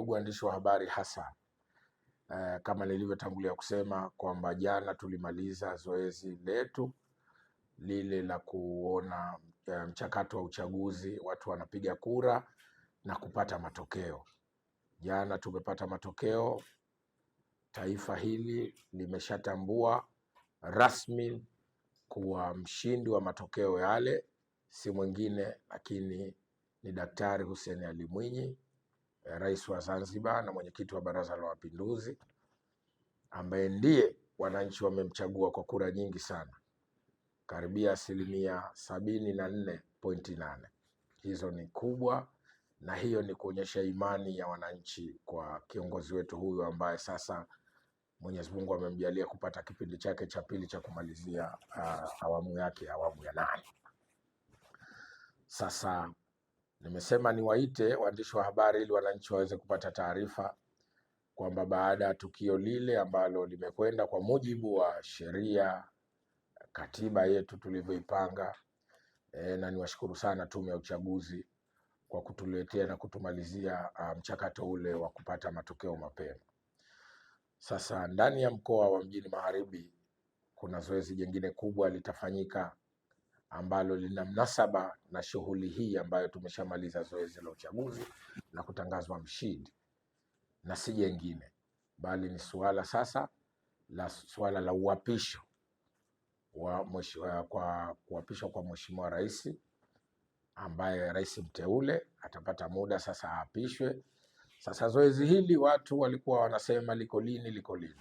Ndugu waandishi wa habari, hasa eh, kama nilivyotangulia kusema kwamba jana tulimaliza zoezi letu lile la kuona eh, mchakato wa uchaguzi, watu wanapiga kura na kupata matokeo. Jana tumepata matokeo, taifa hili limeshatambua rasmi kuwa mshindi wa matokeo yale si mwingine lakini ni Daktari Hussein Ali Mwinyi Eh, rais wa Zanzibar na mwenyekiti wa Baraza la Mapinduzi ambaye ndiye wananchi wamemchagua kwa kura nyingi sana karibia asilimia sabini na nne pointi nane. Hizo ni kubwa, na hiyo ni kuonyesha imani ya wananchi kwa kiongozi wetu huyu ambaye sasa Mwenyezi Mungu amemjalia kupata kipindi chake cha pili cha kumalizia uh, awamu yake awamu ya nane. Sasa Nimesema niwaite waandishi wa habari ili wananchi waweze kupata taarifa kwamba baada ya tukio lile ambalo limekwenda kwa mujibu wa sheria, katiba yetu tulivyoipanga. E, na niwashukuru sana Tume ya Uchaguzi kwa kutuletea na kutumalizia ah, mchakato um, ule wa kupata matokeo mapema. Sasa ndani ya mkoa wa Mjini Magharibi kuna zoezi jingine kubwa litafanyika ambalo lina mnasaba na shughuli hii ambayo tumeshamaliza zoezi la uchaguzi na kutangazwa mshindi, na si jengine, bali ni suala sasa la suala la uapisho wa mheshimiwa, kwa kuapishwa kwa mheshimiwa rais, ambaye rais mteule atapata muda sasa aapishwe. Sasa zoezi hili watu walikuwa wanasema liko lini liko lini,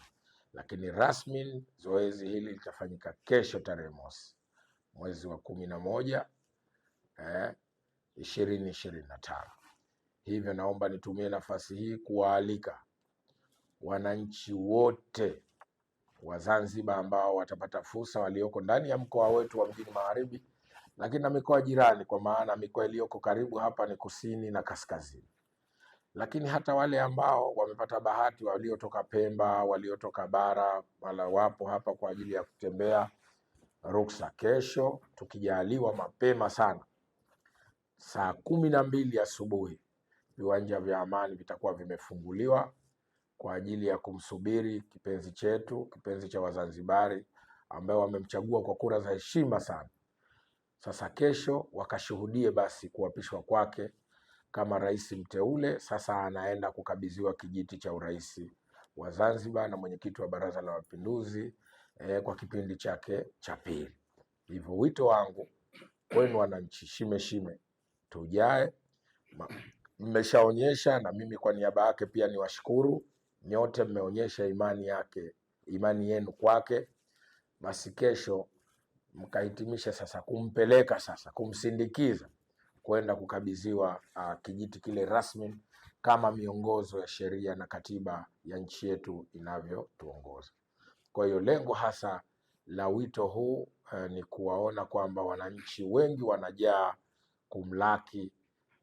lakini rasmi zoezi hili litafanyika kesho tarehe mosi mwezi wa kumi na moja eh, ishirini eh, ishirini na tano. Hivyo naomba nitumie nafasi hii kuwaalika wananchi wote wa Zanzibar ambao watapata fursa walioko ndani ya mkoa wetu wa Mjini Magharibi, lakini na mikoa jirani, kwa maana mikoa iliyoko karibu hapa ni kusini na kaskazini, lakini hata wale ambao wamepata bahati waliotoka Pemba, waliotoka bara, wala wapo hapa kwa ajili ya kutembea ruksa kesho, tukijaliwa mapema sana, saa kumi na mbili asubuhi viwanja vya Amani vitakuwa vimefunguliwa kwa ajili ya kumsubiri kipenzi chetu, kipenzi cha Wazanzibari ambao wamemchagua kwa kura za heshima sana. Sasa kesho wakashuhudie basi kuapishwa kwake kama rais mteule. Sasa anaenda kukabidhiwa kijiti cha urais wa Zanzibar na mwenyekiti wa Baraza la Mapinduzi eh, kwa kipindi chake cha pili. Hivyo wito wangu kwenu wananchi, shime shime tujae, mmeshaonyesha na mimi kwa niaba yake pia niwashukuru nyote, mmeonyesha imani yake imani yenu kwake, basi kesho mkahitimisha sasa kumpeleka sasa kumsindikiza kwenda kukabidhiwa uh, kijiti kile rasmi kama miongozo ya sheria na katiba ya nchi yetu inavyotuongoza. Kwa hiyo lengo hasa la wito huu uh, ni kuwaona kwamba wananchi wengi wanajaa kumlaki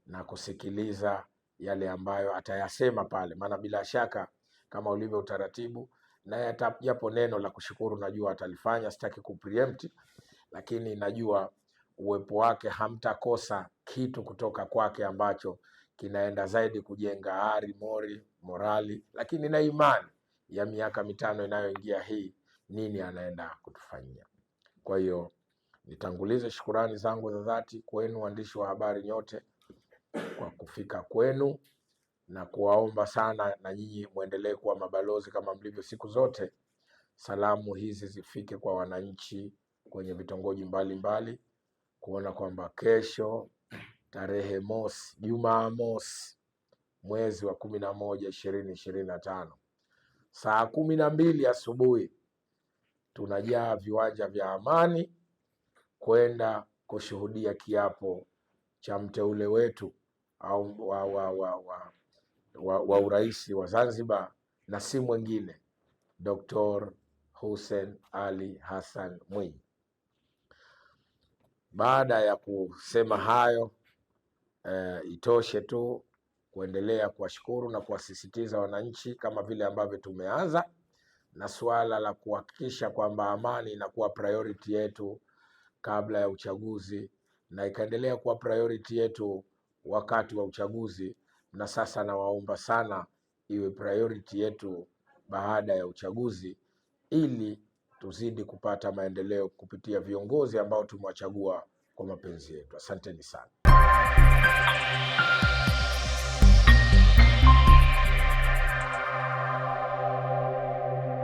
na kusikiliza yale ambayo atayasema pale, maana bila shaka kama ulivyo utaratibu naye japo neno la kushukuru najua atalifanya, sitaki kupreempt, lakini najua uwepo wake hamtakosa kitu kutoka kwake ambacho kinaenda zaidi kujenga ari mori morali, lakini na imani ya miaka mitano inayoingia hii, nini anaenda kutufanyia. Kwa hiyo nitangulize shukurani zangu za dhati kwenu waandishi wa habari nyote kwa kufika kwenu na kuwaomba sana na nyinyi muendelee kuwa mabalozi kama mlivyo siku zote. Salamu hizi zifike kwa wananchi kwenye vitongoji mbalimbali, kuona kwamba kesho tarehe mosi, Jumaa mosi mwezi wa kumi na moja ishirini ishirini na tano saa kumi na mbili asubuhi tunajaa viwanja vya Amani kwenda kushuhudia kiapo cha mteule wetu au wa, wa, wa, wa, wa, wa urais wa Zanzibar na si mwingine Dr. Hussein Ali Hassan Mwinyi. Baada ya kusema hayo, e, itoshe tu kuendelea kuwashukuru na kuwasisitiza wananchi kama vile ambavyo tumeanza na suala la kuhakikisha kwamba amani inakuwa priority yetu kabla ya uchaguzi na ikaendelea kuwa priority yetu wakati wa uchaguzi, na sasa nawaomba sana iwe priority yetu baada ya uchaguzi, ili tuzidi kupata maendeleo kupitia viongozi ambao tumewachagua kwa mapenzi yetu. Asanteni sana.